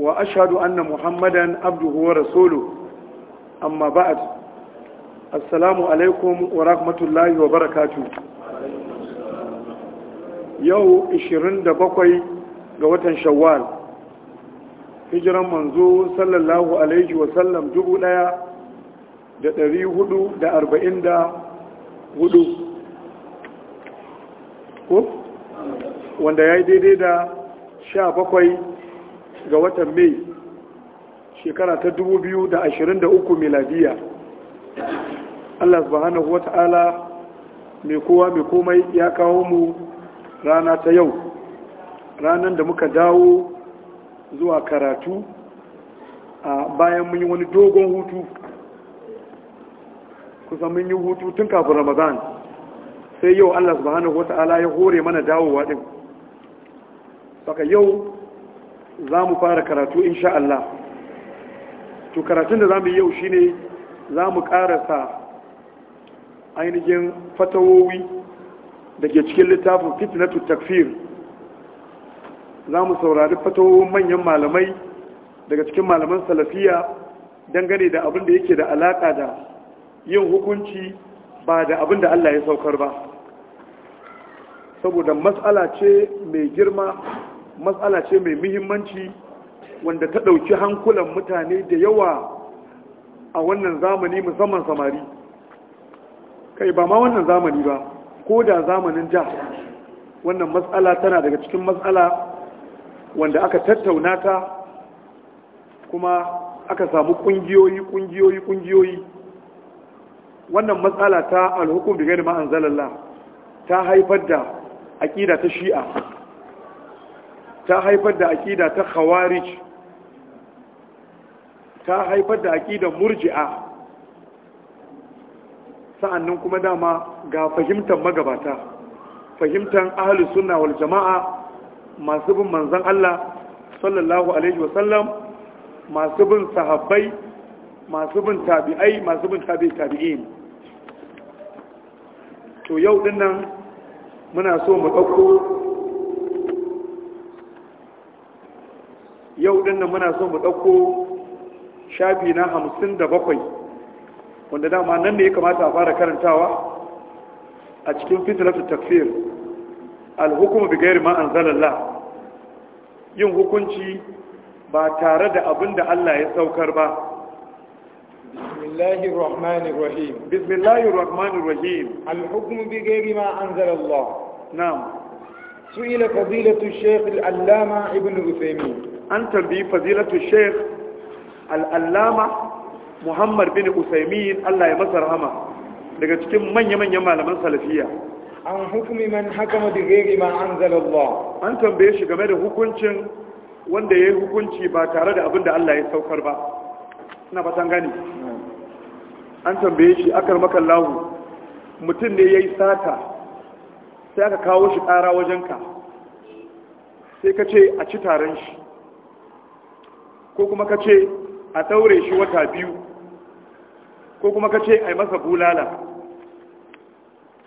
wa ashadu anna muhammadan abduhu wa rasulu amma ba'ad assalamu alaikum wa rahmatullahi wa barakatuh yau 27 ga watan shawar hijiran manzo sallallahu alaihi wa sallam dubu da da da arba'in hudu wanda ya yi daidai da sha bakwai. ga watan mai shekara ta 2023 miladiya Allah subhanahu wata'ala mai kowa mai komai ya kawo mu rana ta yau ranar da muka dawo zuwa karatu a bayan mun yi wani dogon hutu kusa mun yi hutu tun kafin ramadan sai yau Allah subhanahu wata'ala ya hore mana dawowa din saka yau za mu fara karatu insha Allah to karatun da za mu yi yau ne za mu karasa ainihin fatawowi da ke cikin littafin fitnatu takfir za mu saurari fatawowin manyan malamai daga cikin malaman salafiya dangane da abin da yake da alaƙa da yin hukunci ba da abin da Allah ya saukar ba saboda matsala ce mai girma matsala ce mai muhimmanci wanda ta ɗauki hankulan mutane da yawa a wannan zamani musamman samari kai ba ma wannan zamani ba ko da zamanin ja wannan matsala tana daga cikin matsala wanda aka tattauna ta kuma aka samu kungiyoyi ƙungiyoyi, kungiyoyi wannan matsala ta alhukum bi ma'an zalalla ta haifar da aƙida ta shi'a ta haifar da aƙida ta khawarij ta haifar da aƙidan murji'a sa'annan kuma dama ga fahimtar magabata fahimtar ahalus sunna wal jama'a masu bin manzon Allah sallallahu alaihi wasallam masu bin sahabbai masu bin tabi'ai masu bin tabi'i tabi'in to yau dinnan muna so mu ɗauko yau din nan muna so mu dauko shafi na hamsin da bakwai wanda dama nan ne ya kamata a fara karantawa a cikin fitilatu tafsir alhukumu bi gairi ma anzalallah yin hukunci ba tare da abinda Allah ya saukar ba bismillahir rahmanir rahim bismillahir rahmanir rahim alhukmu bi gairi ma anzalallah na'am su'ila fadilatu shaykh al-allama ibn uthaymeen an tambayi fazilatu sheikh al'allama muhammad bin usaimin allah ya masa rahama daga cikin manya-manyan malaman salafiya an hukumi man hakama da ma an zalallah an tambaye shi game da hukuncin wanda ya yi hukunci ba tare da abin allah ya saukar ba ina fatan gani an tambaye shi akar makallahu mutum ne ya yi sata sai aka kawo shi ƙara wajenka sai ka ce a ci taron shi ko kuma ka ce a ɗaure shi wata biyu ko kuma ka ce a yi masa bulala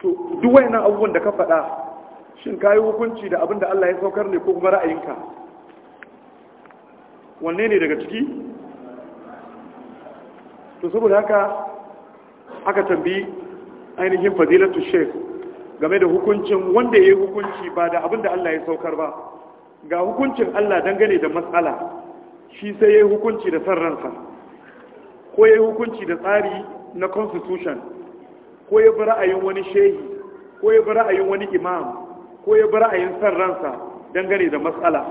to duk wayannan abubuwan da ka faɗa shin ka yi hukunci da abin da Allah ya saukar ne ko kuma ra'ayinka wanne ne daga ciki to saboda haka aka tambi ainihin fadilatu shek game da hukuncin wanda ya yi hukunci ba da abin da Allah ya saukar ba ga hukuncin Allah dangane da matsala shi sai ya yi hukunci da san ransa ko ya yi hukunci da tsari na constitution ko ya bi ra'ayin wani shehi ko ya bi ra'ayin wani imam ko ya bi ra'ayin san ransa dangane da matsala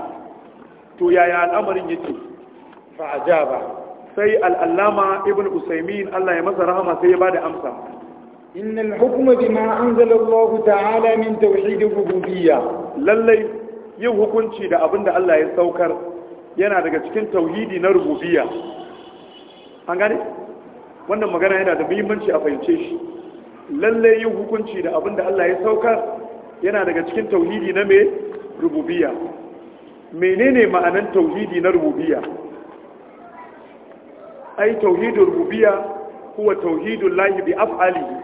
to yaya al'amarin yake ba. sai al'allama ibn usaimin Allah ya masa rahama sai ya bada amsa innal hukma bima anzala Allah ta'ala min tauhid rububiyya lallai yin hukunci da da Allah ya saukar yana daga cikin tauhidi na rububiyya an gane wannan magana yana da muhimmanci a fahimce shi lalle yin hukunci da abin da Allah ya saukar yana daga cikin tauhidi na me rububiyya menene ma'anan tauhidi na rububiyya ai tauhidur rububiyya huwa tauhidul lahi bi af'alihi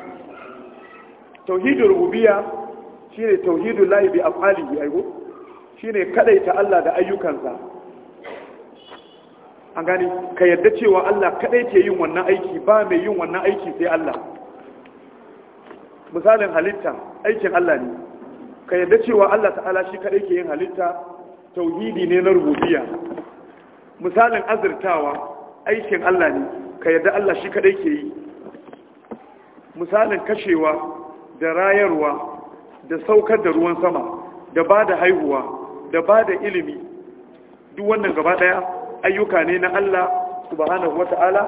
tauhidur rububiyya shine tauhidul lahi bi af'alihi aigo shine kadaita Allah da ayyukansa an gani ka yarda cewa Allah kadai ke yin wannan aiki ba mai yin wannan aiki sai Allah misalin halitta aikin Allah ne ka yarda cewa Allah ta'ala shi kadai ke yin halitta tauhidi ne na rububiyya misalin azurtawa aikin Allah ne ka yarda Allah shi kadai ke yi misalin kashewa da rayarwa da saukar da ruwan sama da ba da haihuwa da ba da ilimi duk wannan gaba daya ayyuka ne na Allah subhanahu wata'ala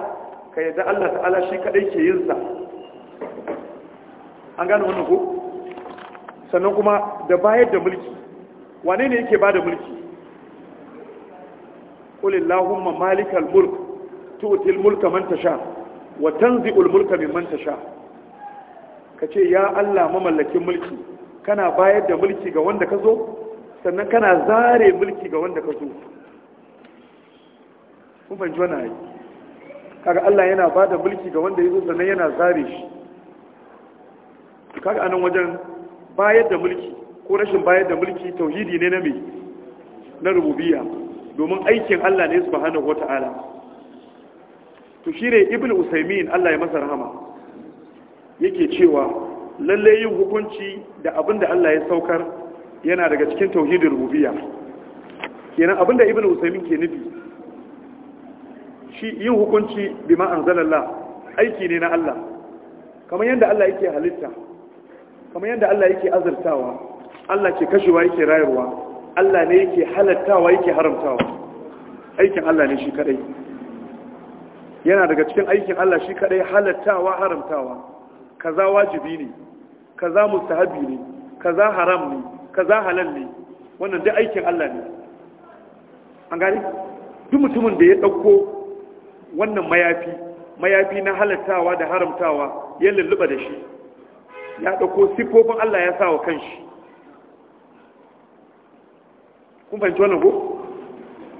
ka yadda Allah ta'ala shi kadai ke yin sa an gane wannan ko sannan kuma da bayar da mulki wane ne yake bada mulki qul ma malikal mulk tu'til mulka man tasha wa tanzi'ul mulka mimman tasha kace ya Allah mamallakin mulki kana bayar da mulki ga wanda ka zo sannan kana zare mulki ga wanda ka zo kun fahimci wani ayi kaga Allah yana ba da mulki ga wanda ya zo sannan yana zare shi kaga anan wajen bayar da mulki ko rashin bayar da mulki tauhidi ne na me na rububiyya domin aikin Allah ne subhanahu wata'ala to shine ibnu usaymin Allah ya masa rahama yake cewa lalle yin hukunci da abinda Allah ya saukar yana daga cikin tauhidin rububiyya kenan abinda ibnu usaymin ke nufi shi yin hukunci bima anzalallah aiki ne na Allah kamar yadda Allah yake halitta kamar yadda Allah yake azurtawa Allah ke kashewa yake rayarwa Allah ne yake halattawa yake haramtawa aikin Allah ne shi kadai yana daga cikin aikin Allah shi kadai halattawa haramtawa kaza wajibi ne kaza mustahabi ne kaza haram ne kaza halal ne wannan duk aikin Allah ne an gani duk mutumin da ya dauko wannan mayafi mayafi na halattawa da haramtawa ya lulluba da shi ya ɗauko siffofin Allah ya sa wa kanshi kun fahimci wannan ko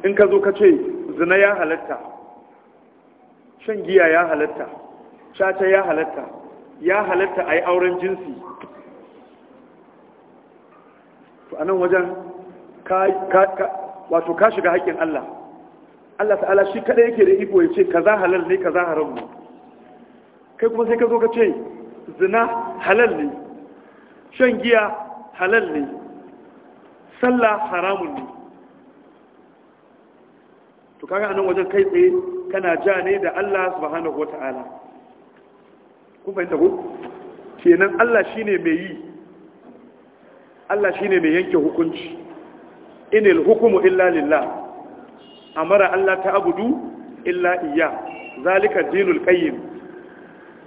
in ka zo ka ce zina ya halatta shan giya ya halatta shata ya halatta ya halatta a yi auren jinsi to anan wajen ka wato ka shiga haƙƙin Allah Allah ta'ala shi kada yake da iko ya ce ka za halal ne za haram ne kai kuma sai ka zo ka ce zina halal ne shan giya halal ne sallah haramun ne to kaga anan wajen kai tsaye kana ja ne da Allah subhanahu wata'ala kun fahimta ko kenan Allah shine mai yi Allah shine mai yanke hukunci inil hukumu illa lillah A mara Allah ta abudu illa iya zalika dinul qayyim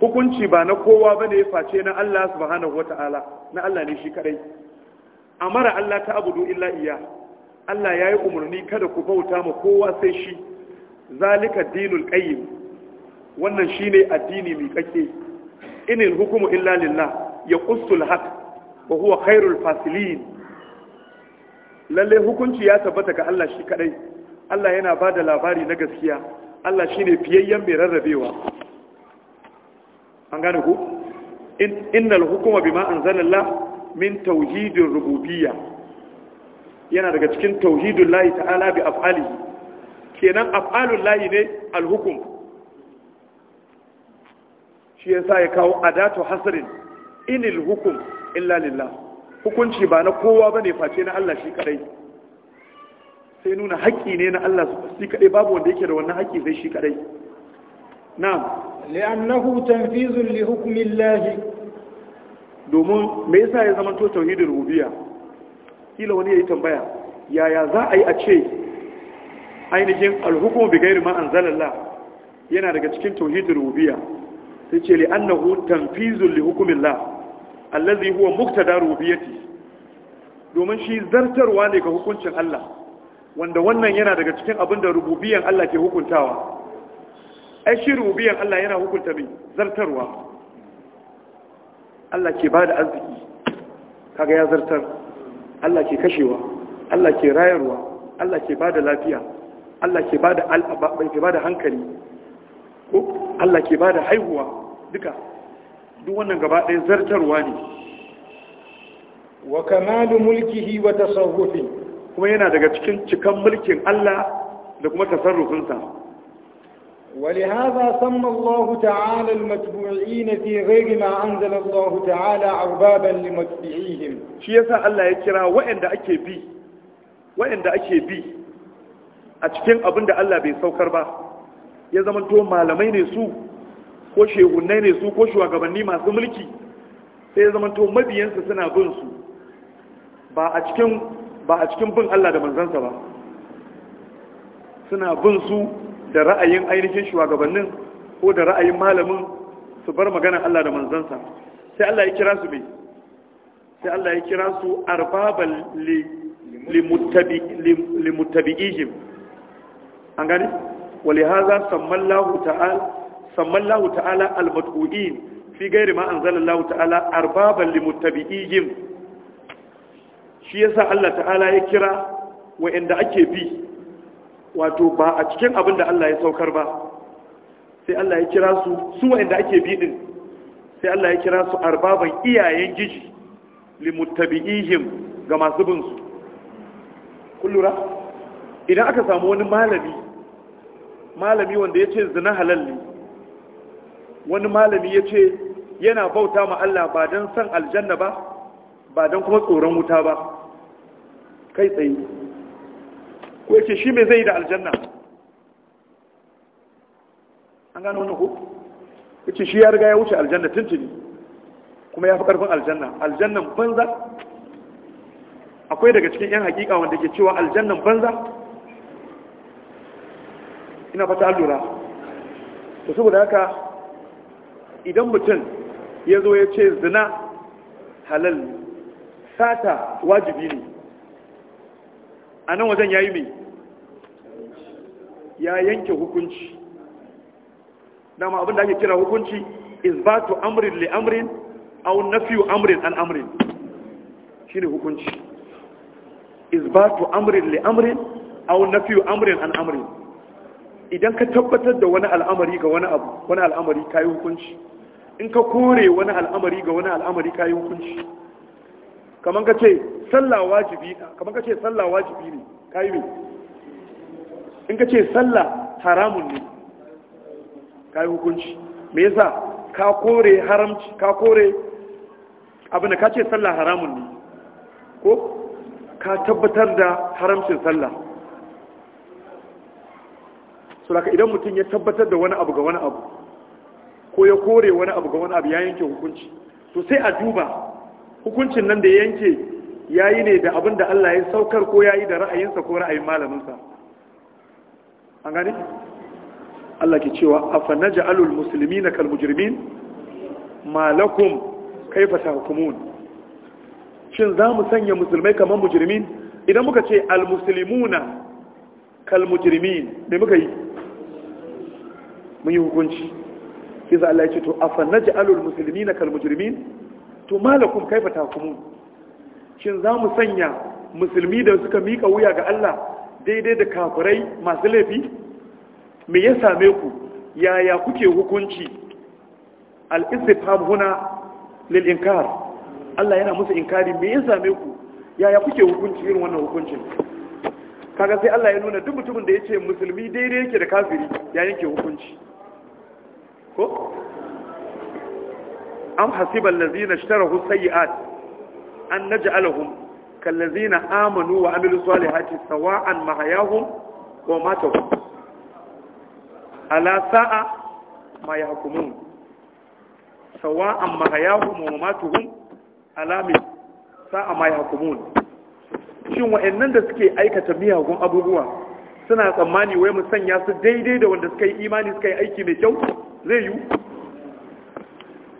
hukunci ba na kowa bane face na Allah subhanahu wataala na Allah ne shi kadai A mara Allah ta abudu illa iya Allah yayi umarni kada ku bauta ma kowa sai shi zalika dinul qayyim wannan shine addini mai kake inil hukumu illa lillah yaqussul haqq wa huwa khairul fasilin lalle hukunci ya tabbata ga Allah shi kadai Allah yana ba da labari na gaskiya Allah shi ne fiyayyen mai rarrabewa an gane ku innal hukuma bima anzalalla min tauhidin rububiyya yana daga cikin tauhidin layi ta'ala bi af'alihi kenan af'alun layi ne alhukum shi yasa ya kawo adatu hasrin inil hukum illa lillah hukunci ba na kowa bane face na Allah shi kadai sai nuna haƙƙi ne na Allah shi kaɗai babu wanda yake da wannan haƙƙi sai shi kaɗai na'am li'annahu tanfizun li hukmillahi domin me yasa ya zama to tauhidin rububiyya kila wani yayi tambaya yaya za a yi a ce ainihin alhukumu bi ghairi ma anzalallah yana daga cikin tauhidin rububiyya sai ce li'annahu tanfizun li hukmillah allazi huwa muqtada rububiyyati domin shi zartarwa ne ga hukuncin Allah wanda wannan yana daga cikin abin da rububiyan Allah ke hukuntawa ai shi rububiyan Allah yana hukunta mai zartarwa Allah ke ba da arziki kaga ya zartar Allah ke kashewa Allah ke rayarwa Allah ke ba da lafiya Allah ke ba da hankali ko Allah ke ba da haihuwa duka duk wannan gaba ɗaya zartarwa ne wa kamalu mulkihi wa tasawufi kuma yana daga cikin cikan mulkin Allah da kuma tasarrufinsa wali haza sanna Allah ta'ala al-matbu'in fi ghayri ma anzala Allah ta'ala arbaban limatbi'ihim shi yasa Allah ya kira wa'anda ake bi bi a cikin abinda Allah bai saukar ba ya zama to malamai ne su ko shehunnai ne su ko shugabanni masu mulki sai ya zama to mabiyansu suna bin su ba a cikin ba a cikin bin Allah da manzansa ba suna bin su da ra'ayin ainihin shugabannin ko da ra'ayin malamin su bar magana Allah da manzansa sai Allah ya kira su mai sai Allah ya kira su arbaban limuttabi'ihim an gani wale haza sammallahu ta'ala al-mat'u'in fi gairi ma anzalallahu ta'ala arbaban limuttabi'ihim shi yasa Allah ta'ala ya kira wa'anda ake bi wato ba a cikin abin da Allah ya saukar ba sai Allah ya kira su su wa'anda ake bi din sai Allah ya kira su arbaban iyayen giji limuttabi'ihim ga masu bin su kullura idan aka samu wani malami malami wanda ya ce zina halal wani malami ya ce yana bauta ma Allah ba dan san aljanna ba ba don kuma tsoron wuta ba kai tsaye ko yake shi mai zai da aljanna an gano wannan ku? yake shi ya riga ya wuce aljanna tuntuni kuma ya fi karfin aljanna aljannan banza akwai daga cikin 'yan hakika wanda ke cewa aljannan banza ina fata allura to saboda haka idan mutum ya zo ya ce zina halal sata wajibi ne a nan wajen ya yi mai ya yanke hukunci dama abinda ake kira hukunci is ba to amrin li amrin na nafyu amrin an amrin ne hukunci Is ba to amrin li amrin na nafyu amrin an amrin idan ka tabbatar da wani al'amari ga wani abu wani al'amari yi hukunci in ka kore wani al'amari ga wani al'amari yi hukunci kamar ka ce sallah wajibi kamar ka ce sallah wajibi ne kai me in ka ce sallah haramun ne kai hukunci me yasa ka kore haramci ka kore abin da ka ce sallah haramun ne ko ka tabbatar da haramcin sallah sulaka idan mutum ya tabbatar da wani abu ga wani abu ko ya kore wani abu ga wani abu ya yanke hukunci to sai a duba hukuncin nan da yanke ya yi ne da abin da Allah ya saukar ko ya yi da ra'ayinsa ko ra'ayin malaminsa an gane Allah ke cewa a afa naj'alul musulmi na kalmujirmi malakum kaifata hukumun. shin za mu sanya musulmai kamar mujirmi idan muka ce al muslimuna kal muka yi mun yi hukunci kisa Allah ya ce to afa naj'alul musulmi na kalmujirmi to malakum kaifa takumun shin za mu sanya musulmi da suka mika wuya ga Allah daidai da kafirai masu laifi me ya same ku yaya kuke hukunci al-istifham huna lil inkar Allah yana musu inkari me ya same ku yaya kuke hukunci irin wannan hukuncin kaga sai Allah ya nuna duk mutumin da ya ce musulmi daidai yake da kafiri ya yanke hukunci ko am hasiban lazina shtarahu sayi'at an naj'alahum kal lazina amanu wa amilus salihati sawa'an mahayahum wa matahum ala sa'a ma yahkumun sawa'an mahayahum wa mamatuhum alami sa'a ma yahkumun shin wa'annan da suke aikata miyagun abubuwa suna tsammani wai mu sanya su daidai da wanda suka yi imani suka yi aiki mai kyau zai yiwu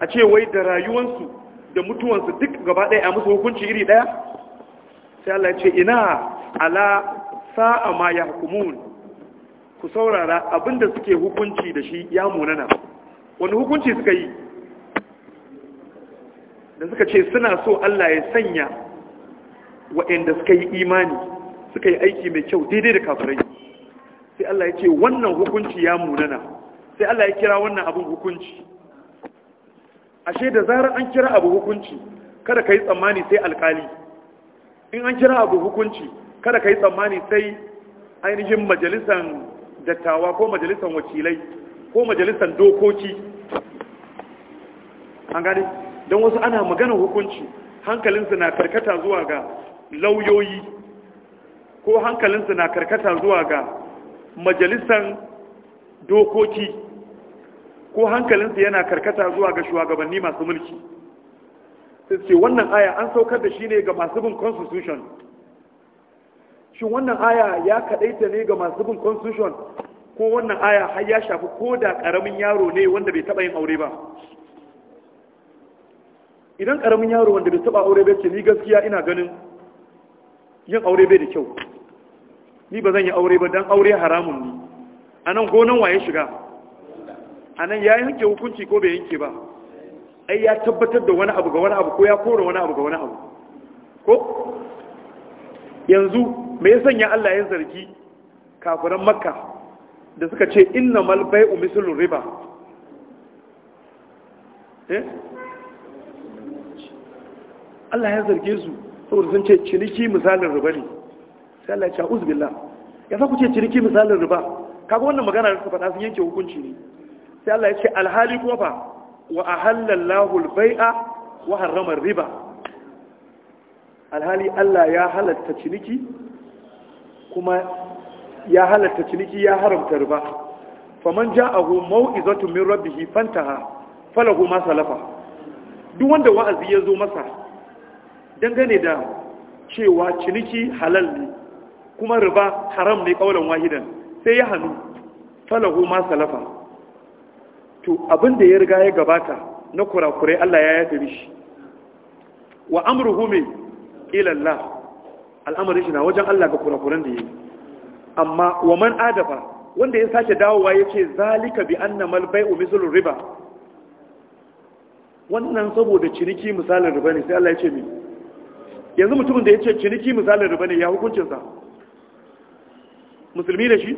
a ce wai da rayuwansu da mutuwansu duk gaba ɗaya a musu hukunci iri ɗaya sai Allah ce ina ala sa'a ma ya hukumun ku saurara abinda suke hukunci da shi ya munana wani hukunci suka yi da suka ce suna so Allah ya sanya waɗanda suka yi imani suka yi aiki mai kyau daidai da kafirai sai Allah ya ce wannan hukunci ya munana sai Allah ya kira wannan abin hukunci ashe da zarar an kira abu hukunci kada ka yi tsammani sai alkali in an kira abu hukunci kada ka yi tsammani sai ainihin majalisan dattawa ko majalisan wakilai ko majalisan dokoki an gane don wasu ana maganar hukunci hankalinsu na karkata zuwa ga lauyoyi ko hankalinsu na karkata zuwa ga majalisan dokoki ko hankalinsa yana karkata zuwa ga shugabanni masu mulki sai ce wannan aya an saukar da shi ne ga masu bin constitution shin wannan aya ya kadaita ne ga masu bin constitution ko wannan aya har ya shafi ko da karamin yaro ne wanda bai taba yin aure ba idan karamin yaro wanda bai taba aure bai ce ni gaskiya ina ganin yin aure bai da kyau ni ba zan yi aure ba dan aure haramun ne anan gonan waye shiga anan ya yanke hukunci ko bai yanke ba ai ya tabbatar da wani abu ga wani abu ko ya kora wani abu ga wani abu ko yanzu me ya sanya Allah ya zargi kafiran makka da suka ce innamal bai'u mislul riba eh Allah ya zarge su saboda sun ce ciniki misalin riba ne sai Allah ya ce uzbillah ya sa ku ce ciniki misalin riba kaga wannan magana da suka faɗa sun yanke hukunci ne sai Allah ya ce alhali kuma fa wa ahallallahu albai'a wa harrama riba alhali Allah ya halatta ciniki kuma ya halatta ciniki ya haramta riba faman ja'ahu mau'izatu min rabbihi fantaha falahu ma salafa duk wanda wa'azi ya zo masa dangane da cewa ciniki halal ne kuma riba haram ne kaulan wahidan sai ya hanu falahu ma salafa to abin da ya riga ya gabata na kurakurai Allah ya yafe mishi wa amruhu min ila Allah al'amarin shi na wajen Allah ga kurakuran da yayi amma wa man adafa wanda ya sake dawowa yace zalika bi annama al-bai'u mithlu riba wannan saboda ciniki misalin riba ne sai Allah ya ce mi yanzu mutumin da ya ce ciniki misalin riba ne ya hukuncin sa, musulmi da shi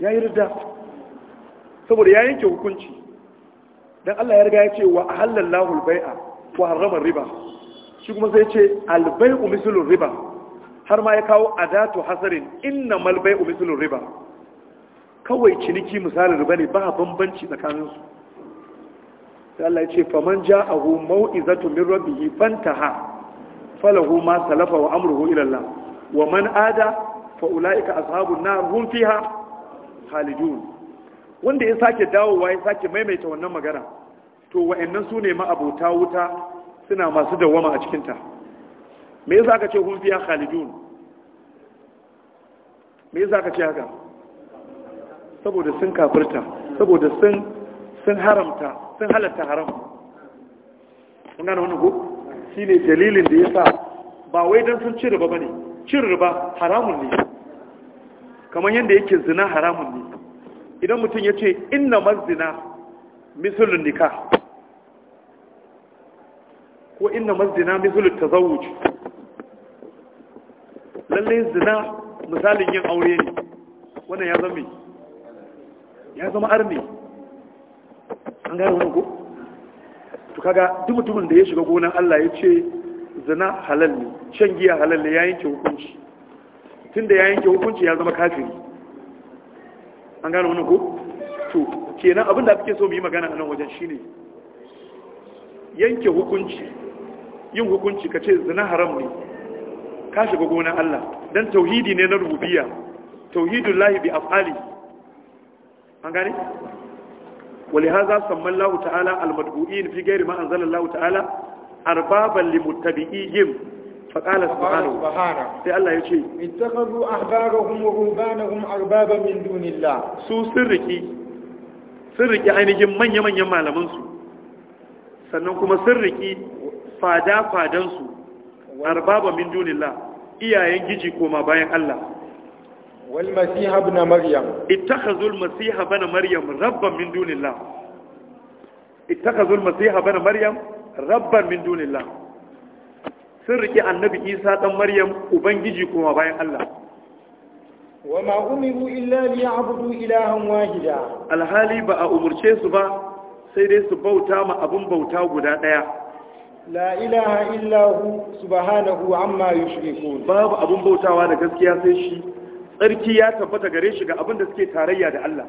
ya yi rida saboda ya yanke hukunci dan Allah ya riga ya ce wa ahallallahu al-bai'a wa riba shi kuma sai ce al-bai'u riba har ma ya kawo adatu hasarin innamal bai'u mislu riba kawai ciniki misalin riba ne ba bambanci tsakanin su sai Allah ya ce faman ja'ahu mau'izatu min rabbih fantaha falahu ma salafa wa amruhu ila Allah wa man ada fa ulaika ashabun nar hum fiha khalidun wanda ya sake dawowa ya sake maimaita wannan magana to wa'annan su ne ma'abota wuta suna masu dawama a cikinta me yasa aka ce hun fiya khalidun me yasa aka ce haka saboda sun kafirta saboda sun sun haramta sun halatta haram mun gane wannan ko shine dalilin da yasa ba wai dan sun ci riba bane ci riba haramun ne kamar yadda yake zina haramun ne idan mutum ya ce ina mazina misulun nika ko ina mazina misulun ta wuce, lallai zina misalin yin aure ne wannan ya zama ya zama armi an gara wani ko to kaga duk mutumin da ya shiga gonan Allah ya ce zina halal ne shan giya halal ne ya yanke hukunci tunda ya yanke hukunci ya zama kafiri an gano wani ko to kenan abin da kake so mu yi magana a nan wajen shine yanke hukunci yin hukunci ka ce zina haram ne ka shiga gonan Allah dan tauhidi ne na rububiyya tauhidul lahi bi af'ali an gane ولهذا سمى الله تعالى المدعوين في غير ما أنزل الله تعالى أربابا لمتبئيهم فقال سبحانه sai Allah yace ittakhadhu ahbarahum wa rubanahum arbaban min dunillah su sirriki sirriki ainihin manya-manyan malaman sannan kuma sirriki fada-fadan su arbaban min dunillah iyayen giji koma bayan Allah wal masih ibn maryam ittakhadhu al masih ibn maryam rabban min dunillah ittakhadhu al masih maryam rabban min sun rike annabi isa dan maryam ubangiji kuma bayan allah wa ma umiru illa liya'budu ilahan wahida alhali ba a umurce su ba sai dai su bauta ma abun bauta guda daya la ilaha illa hu subhanahu amma yushrikun babu abun bautawa da gaskiya sai shi tsarki ya tabbata gare shi ga abin da suke tarayya da Allah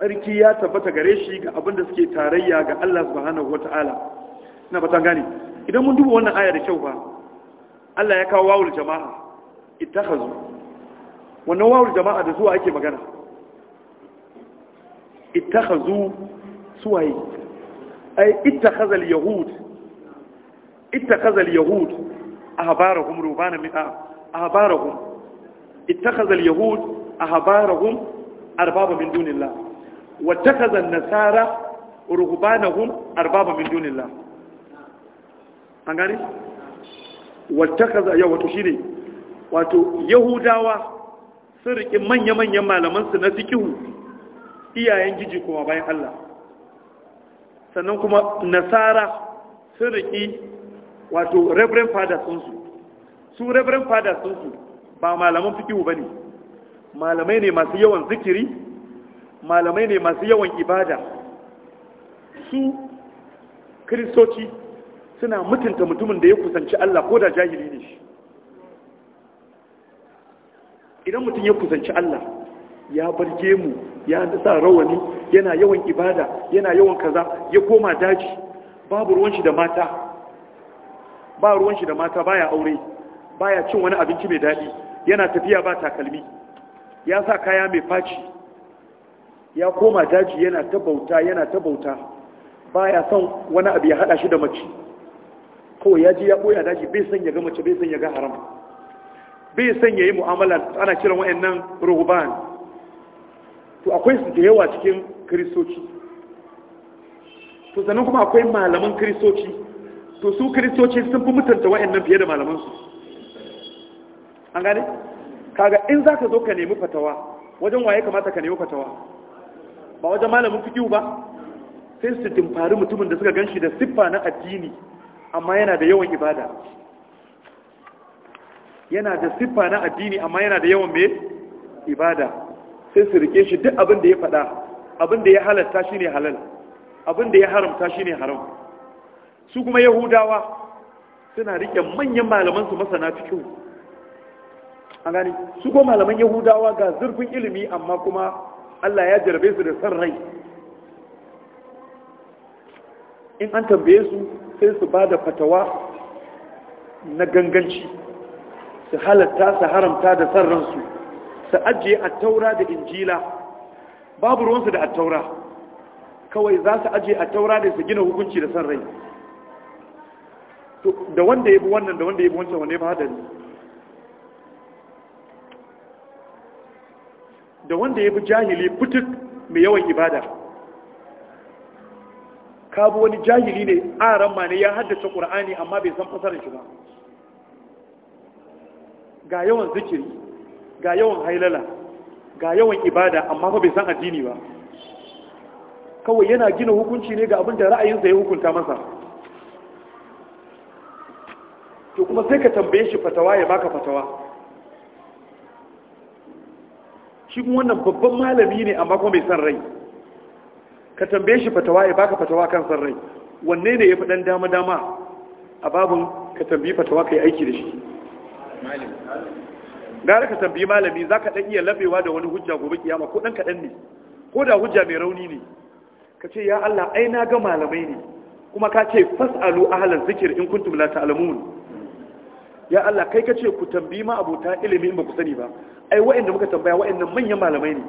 tsarki ya tabbata gare shi ga abin da suke tarayya ga Allah subhanahu wataala ina fata gane idan mun duba wannan aya da kyau ba Allah ya kawo wawul jama'a ittakhazu wannan wawul jama'a da zuwa ake magana ittakhazu suwaye ay ittakhaza al-yahud ittakhaza al-yahud ahbarahum rubana min ah, ahbarahum ittakhaza al-yahud ahbarahum arbaba min dunillah wa ittakhaza an-nasara ruhbanahum arbaba min dunillah an gane wata kaza yau wato shine wato yahudawa sun riƙe manya-manyan malamansu na fikihu iyayen giji kuma bayan Allah sannan kuma nasara sun riƙi wato reverend father sunsu su reverend father sunsu ba malaman fikihu ba ne malamai ne masu yawan zikiri malamai ne masu yawan ibada su kristoci suna mutunta mutumin da ya kusanci Allah ko da jahili ne shi idan mutum ya kusanci Allah ya barge mu ya sa rawani yana yawan ibada yana yawan kaza ya koma daji babu ruwan shi da mata ba ruwan shi da mata baya aure baya cin wani abinci mai daɗi yana tafiya ba takalmi ya sa kaya mai faci ya koma daji yana tabauta yana ta bauta baya son wani abu ya hada shi da mace kawai ya je ya boya daji bai san ya ga mace bai san ya ga haram bai san ya yi mu'amala ana kiran nan ruhuban to akwai su da yawa cikin kiristoci to sannan kuma akwai malaman kiristoci to su kiristoci sun fi mutunta nan fiye da malamansu an gane kaga in za ka zo ka nemi fatawa wajen waye kamata ka nemi fatawa ba wajen malamin fikiyu ba sai su dimfari mutumin da suka gan shi da siffa na addini amma yana da yawan ibada yana da siffa na addini amma yana da yawan mai ibada sai su rike shi duk abin da ya faɗa abin da ya halatta shi ne halal abin da ya haramta shi ne haram su kuma yahudawa suna rike manyan malamansu masana cikin an gani su ko malaman yahudawa ga zurfin ilimi amma kuma allah ya jarbe su da san rai in an tambaye su sai su ba da fatawa na ganganci su halatta su haramta da ransu, su ajiye a taura da injila babu ruwansu da a taura kawai za su ajiye a taura ne su gina hukunci da san rai da wanda ya bi wannan da wanda ya bi wancan wane ba da da wanda ya bi jahili fitik mai yawan ibada Kabu wani jahili ne a ma ne ya haddace qur'ani amma bai san fasarin shi ba ga yawan zikiri ga yawan hailala ga yawan ibada amma fa bai san addini ba kawai yana gina hukunci ne ga abin da ra'ayinsa ya hukunta masa to kuma sai ka tambaye shi fatawa ya baka fatawa shi kuma wannan babban malami ne amma kuma bai san rai ka tambaye shi fatawa ya baka fatawa kan san rai wanne ne ya fi dan dama dama a babun ka tambayi fatawa kai aiki da shi gara ka tambayi malami za ka iya labewa da wani hujja gobe kiyama ko ɗan kaɗan ne ko da hujja mai rauni ne ka ce ya Allah ai na ga malamai ne kuma ka ce fas'alu ahlan zikir in kuntum la ta'lamun ya Allah kai ka ce ku tambayi ma abota ilimi in ba ku sani ba ai da muka tambaya wa'annan manyan malamai ne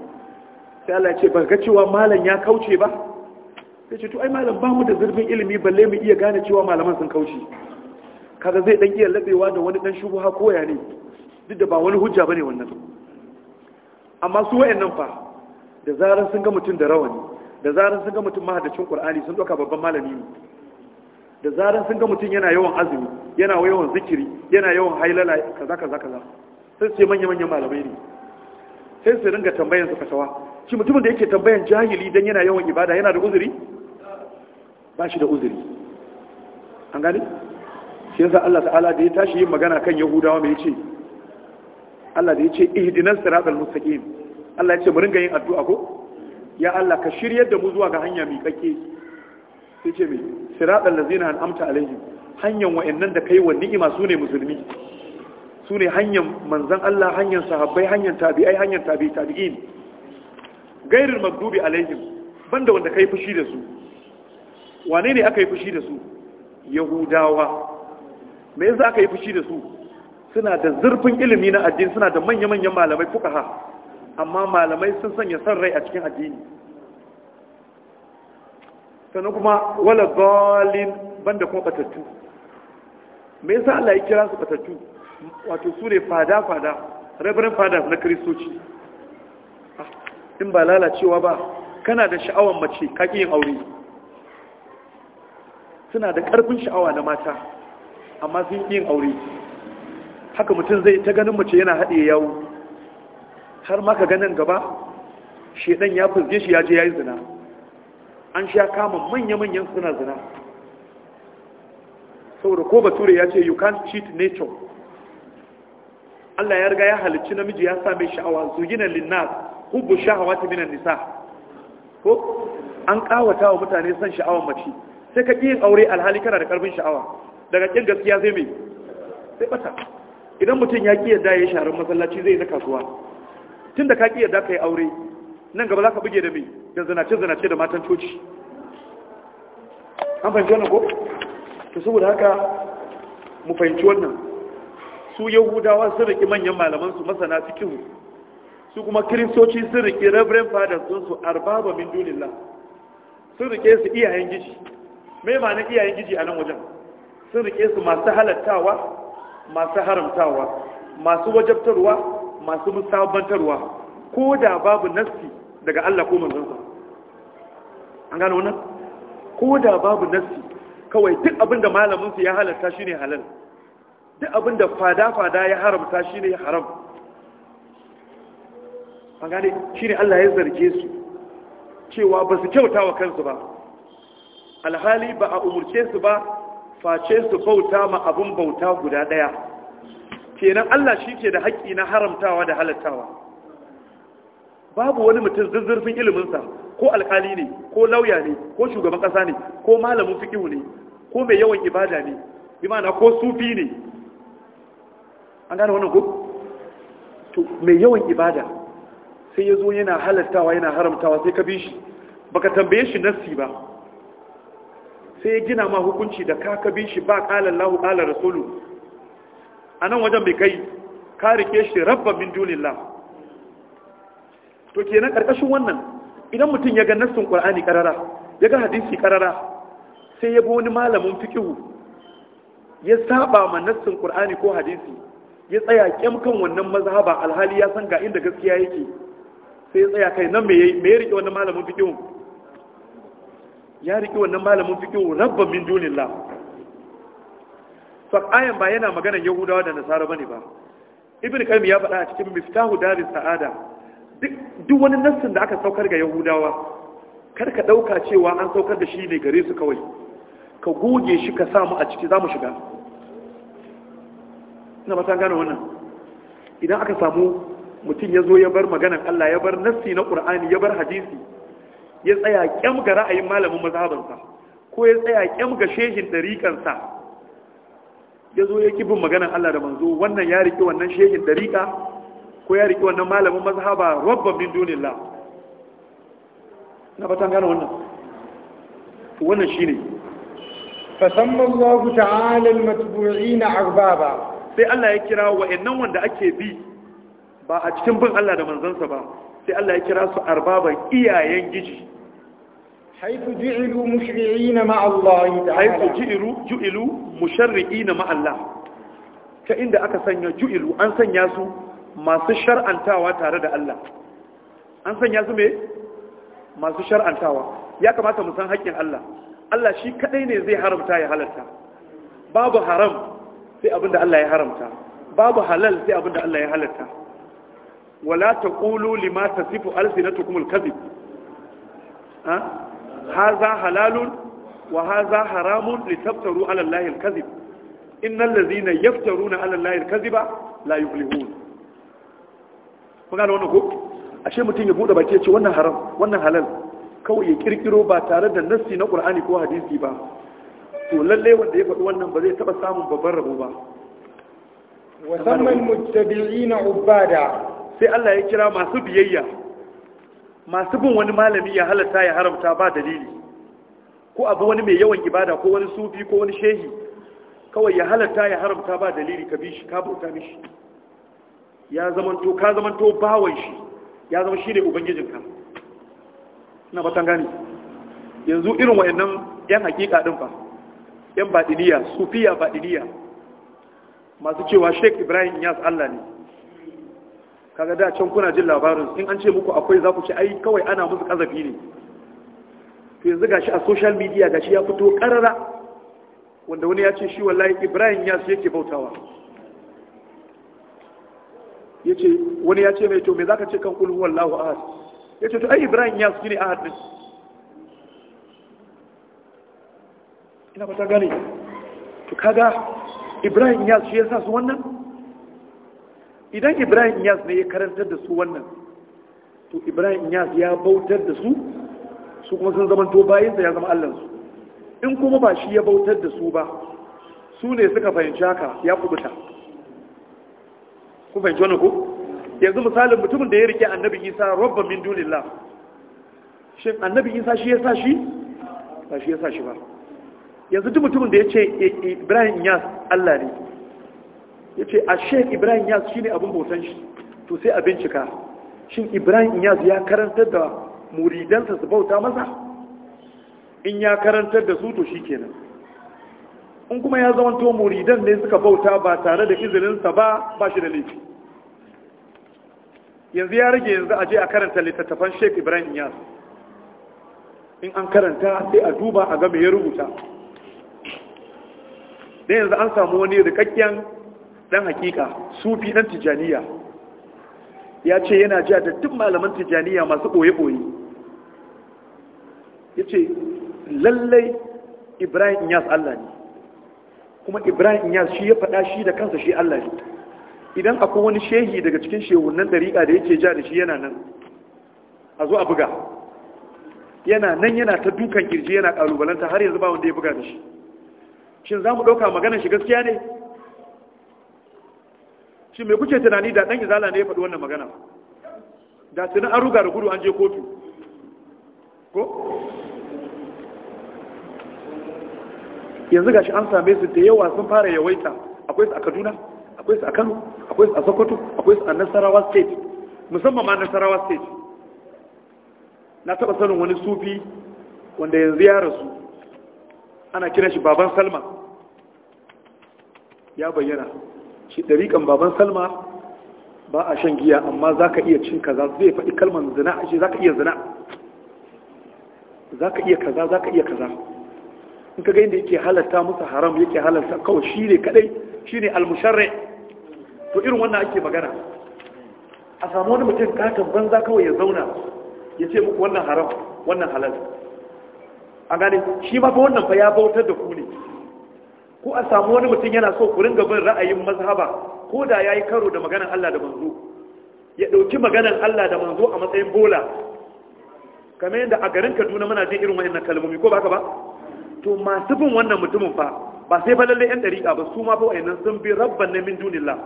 sai Allah ce ba ga cewa malam ya kauce ba sai ce to ai malam ba mu da zurfin ilimi balle mu iya gane cewa malaman sun kauce kaga zai dan iya labewa da wani dan shubuha koya ne duk da ba wani hujja bane wannan amma su wayannan fa da zaran sun ga mutum da rawani da zaran sun ga mutum mahadacin Qur'ani sun doka babban malami ne da zaran sun ga mutum yana yawan azumi yana yawan zikiri yana yawan hailala kaza kaza kaza sai sai manya manyan malamai ne sai su ringa tambayar su fatawa shi mutumin da yake tambayan jahili don yana yawan ibada yana da uzuri ba shi da uzuri an gani shi yasa Allah ta'ala da ya tashi yin magana kan yahudawa mai ce Allah da ya ce ihdinas siratal mustaqim Allah ya ce mu ringa yin addu'a ko ya Allah ka shiryar da mu zuwa ga hanya mai kake sai ce mai siratal ladzina an'amta alaihim hanyar wa'annan da kai wa ni'ima su ne musulmi su ne hanyar manzan Allah hanyar sahabbai hanyar tabi'ai hanyar tabi'in gairin magdubi alaihim banda wanda kai fushi da su wane ne aka yi fushi da su yahudawa me yasa aka yi fushi da su suna da zurfin ilimi na addini suna da manya-manyan malamai fukaha amma malamai sun sanya son rai a cikin addini sannan kuma wala dalin banda kuma batattu me yasa Allah ya kira su batattu wato su ne fada-fada reverend fathers na kristoci in ba lalacewa ba kana da sha'awar mace kaƙi yin aure suna da ƙarfin sha'awa na mata amma sun yin aure haka mutum zai ta ganin mace yana haɗe yawo har maka ganin gaba shedan ya fulge shi ya je ya yi zina an sha kama manya-manyan suna zina saboda ko bature ya ce you can't cheat nature Allah ya riga ya halicci namiji ya same sha'awa zugina linnas hubbu shahawati minan nisa ko an kawata wa mutane son sha'awar mace sai ka yin aure alhali kana da karfin sha'awa daga kin gaskiya sai mai sai bata idan mutum ya kiyar yadda ya sharar masallaci zai na kasuwa tun da ka kiyar yadda ka yi aure nan gaba za ka buge da mai da zanace zanace da matan coci an fahimci wannan ko to saboda haka mu fahimci wannan su yahudawa sun riki manyan malaman su masana cikin su kuma kiristoci sun rike reverend fathers sun su arbaba min dunillah sun rike su iyayen giji mai ma'anin iyayen giji a nan wajen sun rike su masu halattawa masu haramtawa masu wajabtarwa masu musabantarwa ko da babu nassi daga Allah ko manzansa an gano wannan ko da babu nassi kawai duk abin da malaminsu ya halatta shine halal duk abin da fada-fada ya haramta shine haram an gane shi ne Allah ya zarge su cewa ba su kyauta wa kansu ba alhali ba a umurce su ba face su bauta ma abin bauta guda ɗaya kenan Allah shi ke da haƙƙi na haramtawa da halattawa babu wani mutum zuzzurfin iliminsa ko alkali ne ko lauya ne ko shugaban ƙasa ne ko malamin fiƙihu ne ko mai yawan ibada ne bi ko sufi ne an gane wannan ko mai yawan ibada sai ya zo yana halattawa yana haramtawa sai ka bi shi baka tambaye shi nassi ba sai ya gina ma hukunci da ka ka bi shi ba kalan lahu kalan rasulu a nan wajen bai kai ka rike shi rabban min dunillah to kenan karkashin wannan idan mutum ya ga nassin ƙwar'ani ƙarara, ya ga hadisi ƙarara, sai ya bi wani malamin fikihu, ya saba ma nassin ƙwar'ani ko hadisi ya tsaya kyamkan wannan mazhaba alhali ya san ga inda gaskiya yake sai tsaya kai nan me me ya rike wannan malamin fiqh ya rike wannan malamin fiqh rabban min dunillah fa ayan ba yana magana yahudawa da nasara bane ba ibn qayyim ya faɗa a cikin miftahu darin sa'ada duk wani nassin da aka saukar ga yahudawa kar ka ɗauka cewa an saukar da shi ne gare su kawai ka goge shi ka samu a ciki zamu shiga ina ba ta gane wannan idan aka samu mutum ya zo ya bar maganan Allah ya bar nassi na Qur'ani ya bar hadisi ya tsaya kyam ga ra'ayin malamin mazhabansa ko ya tsaya kyam ga shehin dariƙansa ya zo ya kibin maganan Allah da manzo wannan ya riki wannan shehin ɗariƙa, ko ya riki wannan malamin mazhaba rabban min dunillah na fatan gane wannan wannan shine samma Allahu ta'ala al-matbu'ina arbaba sai Allah ya kira wa'annan wanda ake bi ba a cikin bin Allah da manzansa ba sai Allah ya kira su arbaban iyayen giji haifu ji'ilu mushri'ina ma Allah haifu ji'ilu ju'ilu musharri'ina ma Allah ta inda aka sanya ju'ilu an sanya su masu shar'antawa tare da Allah an sanya su me masu shar'antawa ya kamata mu san haƙƙin Allah Allah shi kadai ne zai haramta ya halarta babu haram sai abinda Allah ya haramta babu halal sai abinda Allah ya halarta wala taqulu lima tasifu alsinatukum alkazib ha hadha halalun wa hadha haramun litaftaru ala allahi alkazib innal ladhina yaftaruna ala allahi alkaziba la yuflihun kun ashe mutum ya buɗe baki ya ce wannan haram wannan halal kawai ya kirkiro ba tare da nassi na ƙur'ani ko hadisi ba to lalle wanda ya faɗi wannan ba zai taɓa samun babban rabo ba wasamman mutabi'ina ubada sai Allah ya kira masu biyayya masu bin wani malami ya halatta ya haramta ba dalili ko abu wani mai yawan ibada ko wani sufi ko wani shehi kawai ya halatta ya haramta ba dalili ka bi shi ka bauta mishi ya zamanto ka zamanto bawan shi ya zama shi ne ubangijinka ba batan gani yanzu irin wa'annan yan hakika din fa yan baɗiniya sufiya baɗiniya masu cewa Sheikh ibrahim yas allah ne kaga da can kuna jin labarin in an ce muku akwai za ku ce ai kawai ana musu kazafi ne to yanzu gashi a social media gashi ya fito karara wanda wani ya ce shi wallahi Ibrahim ya su yake bautawa yace wani ya ce mai to me zaka ce kan kulhu wallahu ahad yace to ai Ibrahim ya su ne ahad din ina ba ta gane to kaga Ibrahim ya su yasa su wannan idan ibrahim iyas ne ya karantar da su wannan to ibrahim iyas ya bautar da su su kuma sun zamanto bayansa ya zama allansu in kuma ba shi ya bautar da su ba su ne suka fahimci haka ya kubuta ku fahimci wani ku yanzu misalin mutumin da ya rike annabi isa rabban min dunillah shin annabi isa shi ya sa shi ba shi ya sa shi ba yanzu duk mutumin da ya ce e, e, ibrahim yas allah ne ya ce a shek ibrahim yaz shi ne abin bautan shi to sai a bincika shi ibrahim yaz ya karantar da muridansa su bauta masa in ya karantar da su to shi kenan in kuma ya to muridan ne suka bauta ba tare da izininsa ba ba shi da laifi yanzu ya rage yanzu a je a karanta littattafan shek ibrahim yaz in an karanta sai a duba a game ya rubuta da yanzu an samu wani rikakken dan hakika sufi dan tijaniya ya ce yana ja da duk malaman tijaniya masu ɓoye-ɓoye ya ce lallai ibrahim yas allah ne kuma ibrahim yas shi ya faɗa shi da kansa shi allah ne idan akwai wani shehi daga cikin shehunan ɗariƙa da yake ja da shi yana nan a zo a buga yana nan yana ta dukan girji yana ƙalubalanta har yanzu ba wanda ya buga da shi shin za mu ɗauka maganar shi gaskiya ne shi mai kuke tunani da ɗan izala ne ya faɗi wannan magana da tunan an ruga da gudu an je kotu ko yanzu gashi an same su da yawa sun fara yawaita akwai su a kaduna akwai su a kano akwai su a sokoto akwai su a nasarawa state musamman ma nasarawa state na taɓa sanin wani sufi wanda yanzu ya rasu ana kira shi baban salma ya bayyana dariƙan baban salma ba a shan giya amma za ka iya cin kaza zai faɗi kalmar zina a shi za ka iya zina za ka iya kaza za ka iya kaza in ka gani da yake halarta musa haram yake halarta kawai shi ne kadai shi ne almusharre to irin wannan ake magana a samu wani mutum katon banza kawai ya zauna ya ce muku wannan haram wannan halal a gane shi ma fa wannan fa ya bautar da ku ne ko a samu wani mutum yana so ku ringa bin ra'ayin mazhaba ko da yayi karo da maganar Allah da manzo ya dauki maganar Allah da manzo a matsayin bola kamar yadda a garin Kaduna muna jin irin wa'annan kalmomi ko baka ba to masu bin wannan mutumin fa ba sai fa lalle yan dariƙa ba su ma fa wa'annan sun bi rabban na min dunillah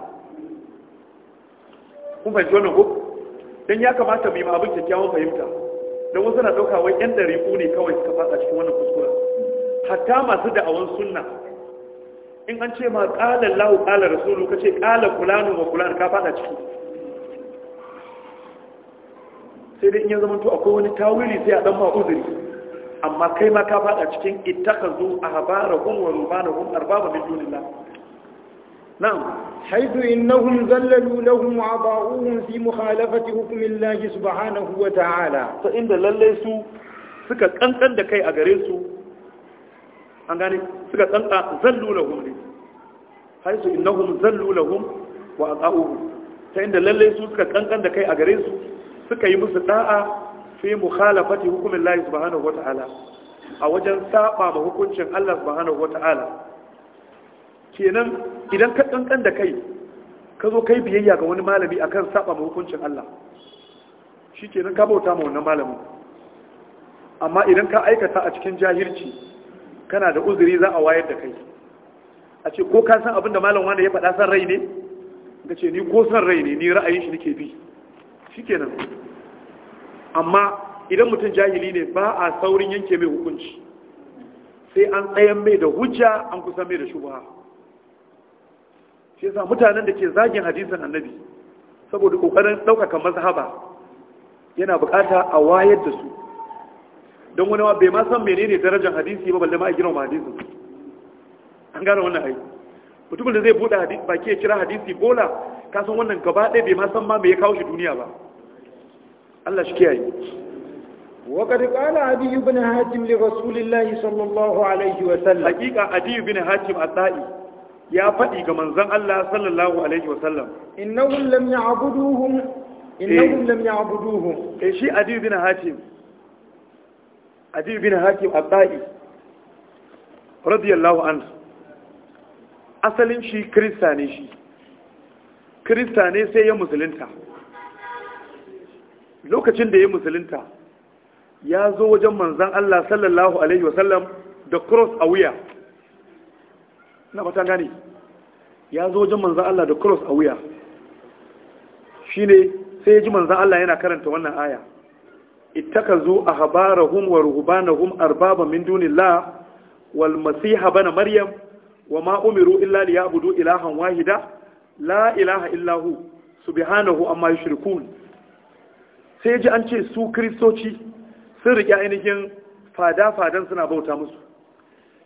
kun fahimci wannan ko dan ya kamata mu yi abin kyakkyawan fahimta dan wasu na dauka wai yan dariƙu ne kawai suka fasa cikin wannan kuskura hatta masu da'awan sunna in an ce ma ƙalar lahu ƙalar rasulu ka ce ƙalar kulanu wa kulanu ka fada ciki sai dai in ya zama to akwai wani tawili sai a ɗan ma uzuri amma kai ma ka fada cikin ita ka zo a habara kun wa rubana kun arbaba min dunillah na'am haidu innahum zallalu lahum wa ba'uhum fi mukhalafati hukmillahi subhanahu wa ta'ala ta inda lalle su suka kankan da kai a gare su an gane suka tsanta zallu lahum ne haisu innahum zallu lahum wa ata'uhu ta inda lalle su suka kankan da kai a gare su suka yi musu da'a fi mukhalafati hukumin Allah subhanahu wata'ala a wajen saba ma hukuncin Allah subhanahu wata'ala kenan idan ka kankan da kai ka zo kai biyayya ga wani malami akan saba ma hukuncin Allah shikenan ka bauta ma wannan malamin amma idan ka aikata a cikin jahilci kana da uzuri za a wayar da kai a ce ko ka san abin da malam wanda ya faɗa san rai ne ga ce ni ko san rai ne ni ra'ayin shi nake bi shikenan amma idan mutum jahili ne ba a saurin yanke mai hukunci sai an tsayan mai da hujja an kusa mai da shubha shi yasa mutanen da ke zagin hadisin annabi saboda kokarin ɗaukaka mazhaba yana bukata a wayar da su don wani bai ma san menene darajar hadisi ba balle ma a girma hadisin an gane wannan aiki. mutumin da zai bude baki ya ke kira hadisi bola ka san wannan gaba ɗaya bai ma san ma mai ya kawo shi duniya ba Allah shi kiyaye وقد قال عدي بن حاتم لرسول الله صلى الله عليه وسلم حقيقة عدي بن حاتم الطائي يا فدي كمن زن الله صلى الله عليه وسلم إنهم لم يعبدوهم إنهم إيه؟ لم يعبدوهم إيه شيء عدي بن حاتم adil bin hakim abba'i radiyallahu an asalin shi kirista ne shi kirista ne sai ya musulunta lokacin da ya musulunta ya zo wajen manzan Allah sallallahu alaihi wasallam da cross a wuya na fata gani ya zo wajen manzan Allah da cross a wuya shi ne sai ya ji manzan Allah yana karanta wannan aya ittakazu ahbarahum wa ruhbanahum arbaba min dunillah wal masiha bana maryam wa ma umiru illa liya'budu ilahan wahida la ilaha illa hu subhanahu amma yushrikun sai ji an ce su kristoci sun riƙe ainihin fada-fadan suna bauta musu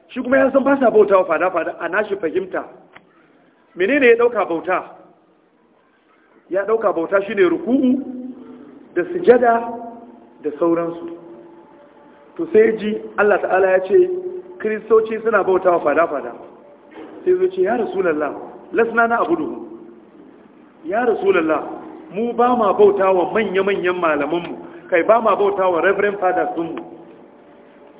shi kuma ya san ba sa bauta wa fada-fada a nashi fahimta menene ya ɗauka bauta ya ɗauka bauta shine ruku'u da sujada da sauransu to sai ji Allah ta'ala ya ce kristoci suna bautawa fada-fada sai zo ce ya rasulallah lasna na duhu ya rasulallah mu ba ma bauta wa manya-manyan malamanmu kai ba ma wa reverend fathers sunmu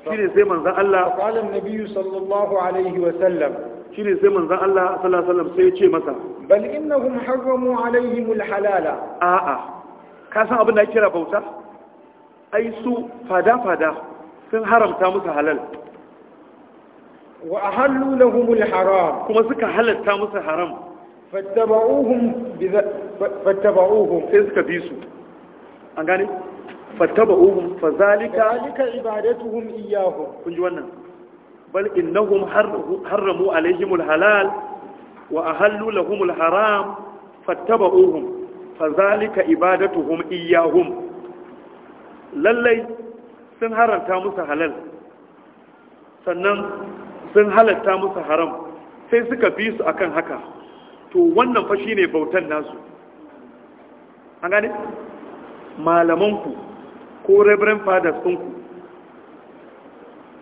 shi ne sai manzan Allah ƙalan nabiyu sallallahu alaihi wasallam shi ne sai manzan Allah sallallahu sai ce masa bal innahum harramu alaihimul halala a'a ka san abin da kira bauta ai su fada-fada sun haramta musu halal wa a hallu na humul haram kuma suka halatta musu haram Fattaba uhun. sai suka bi su an gane fattaba'uhum fa zalika zalika ibadatuhum iyyahum kun ji wannan bal innahum haramu alaihimul halal wa a hallu ahallu humul haram fattaba'uhum fa zalika ibadatuhum iyyahum lallai sun haranta musu halal sannan sun halatta musu haram sai suka bi su akan haka to wannan fa shine bautan nasu an gane malamanku ko reverend fathers ɗinku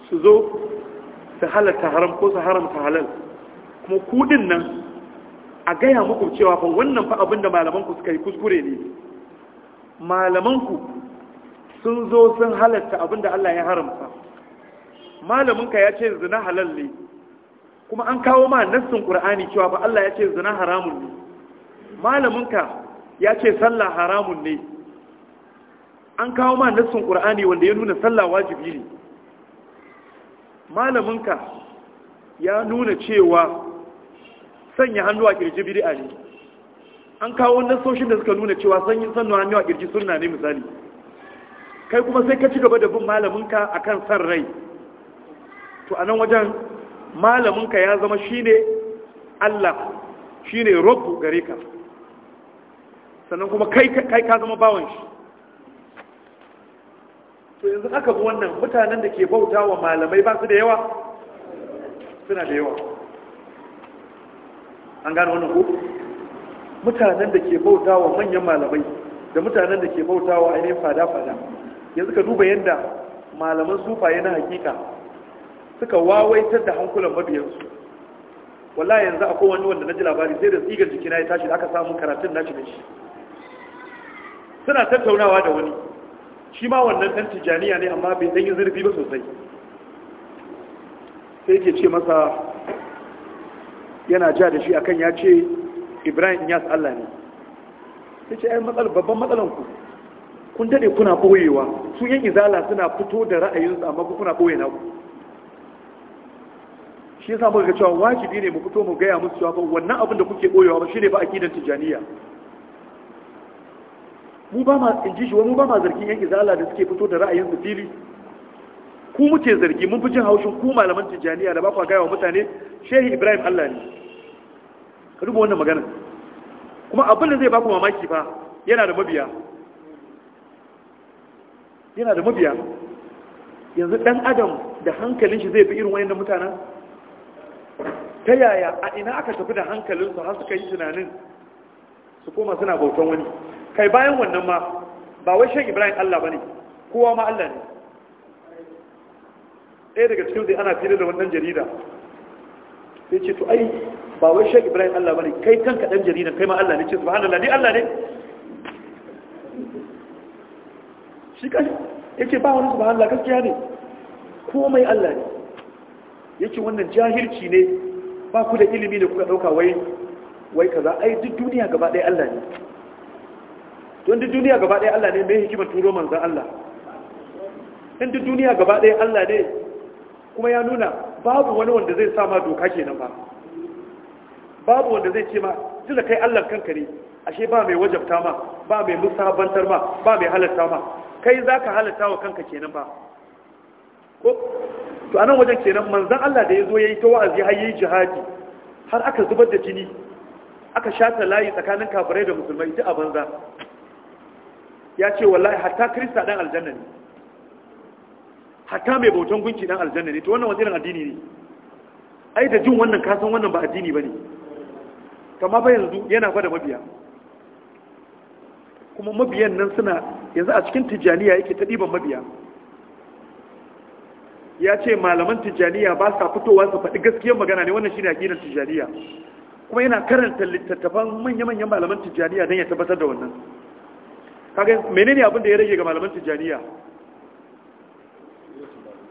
su zo su halatta haram ko su haramta halal kuma kudin nan a gaya muku cewa fa wannan fa abinda malamanku suka yi kuskure ne malamanku sun zo sun halatta abinda Allah ya haramta malamin ya ce zina halal ne kuma an kawo ma nassin qur'ani cewa ba Allah ya ce zina haramun ne malamin ya ce sallah haramun ne an kawo ma nassin qur'ani wanda ya nuna sallah wajibi ne ka ya nuna cewa sanya hannu a kirji bid'a ne an kawo nassoshin da suka nuna cewa sanya hannu a kirji sunna ne misali kai kuma sai ka ci gaba da bin malaminka kan san rai to a nan wajen malaminka ya zama shine Allah shine rabbu gare ka sannan kuma kai ka zama bawon shi to yanzu aka bi wannan mutanen da ke bauta wa malamai ba su da yawa suna da yawa an gano wannan ko mutanen da ke bauta wa manyan malamai da mutanen da ke bauta wa ainihin fada-fada yanzu ka duba yadda malaman sufaye na hakika suka wawaitar da hankulan mabiyansu wala yanzu a wani wanda na ji labari sai da tsigar jikina ya tashi da aka samu karatun na da shi suna tattaunawa da wani shi ma wannan ɗan tijjaniya ne amma bai ɗan yi zurfi ba sosai sai ke ce masa yana ja da shi akan ya ce ibrahim yas allah ne sai ce ai babban matsalanku kun daɗe kuna boyewa su yin izala suna fito da ra'ayinsu amma kuna boye naku shi yasa muka cewa wajibi ne mu fito mu gaya musu cewa wannan abin da kuke boyewa ba shine ba aqidar tijaniya mu ba ma in ji shi mu ba ma zargin yan izala da suke fito da ra'ayin su fili ku muke zargi mun fi jin haushin ku malaman tijaniya da ba ku gaya wa mutane shehi ibrahim allah ne ka duba wannan magana kuma abin da zai ba ku mamaki fa yana da mabiya yana da mabiya yanzu dan adam da hankalin shi zai fi irin wayannan mutanen ta yaya a ina aka tafi da hankalin har suka yi tunanin su koma suna bautan wani kai bayan wannan ma ba wai shan ibrahim allah ba ne kowa ma allah ne ɗaya daga cikin zai ana fiye da wannan jarida sai ce to ai ba wai shan ibrahim allah ba ne kai kanka ɗan jarida kai ma allah ne ce subhanallah ni allah ne shi kashi yake ba wani subhanahu Allah gaskiya ne komai Allah ne yake wannan jahilci ne ba ku da ilimi da kuka dauka wai wai kaza ai duk duniya gaba ɗaya Allah ne don duk duniya gaba ɗaya Allah ne mai hikimar turo manzo Allah in duk duniya gaba ɗaya Allah ne kuma ya nuna babu wani wanda zai sa ma doka kenan ba babu wanda zai ce ma tunda kai Allah kanka ne ashe ba mai wajabta ma ba mai musabantar ma ba mai halatta ma kai za ka halatta wa kanka kenan ba ko to anan wajen kenan manzan Allah da ya zo ya yi ta wa'azi har yi jihadi har aka zubar da jini aka shata layi tsakanin kafirai da musulmai duk a banza ya ce wallahi hatta krista dan aljanna ne hatta mai bautan gunki dan aljanna ne to wannan wani irin addini ne ai da jin wannan kasan wannan ba addini ne. kamar ba yanzu yana da mabiya kuma mabiyan nan suna yanzu a cikin tijjaniya yake ta ɗiban mabiya ya ce malaman tijjaniya ba sa fitowa su faɗi gaskiyar magana ne wannan shi ne aƙidar tijjaniya kuma yana karanta littattafan manya-manyan malaman tijjaniya don ya tabbatar da wannan kaga mene ne abin da ya rage ga malaman tijjaniya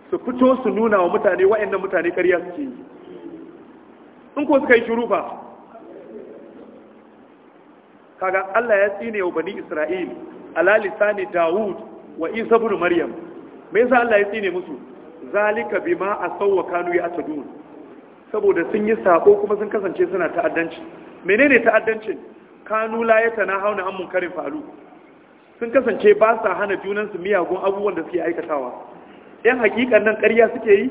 su fito su nuna wa mutane wa'annan mutane ƙarya suke yi in ko suka yi shuru fa. kaga Allah ya tsine wa bani Isra'il ala lisani Dawud wa Isa ibn Maryam me yasa Allah ya tsine musu zalika bima asawwa kanu ya tadun saboda sun yi sako kuma sun kasance suna ta'addanci menene ta'addancin kanu la hauna an munkarin fa'alu sun kasance ba sa hana junansu miyagun abubuwan da suke aikatawa yan hakikan nan ƙarya suke yi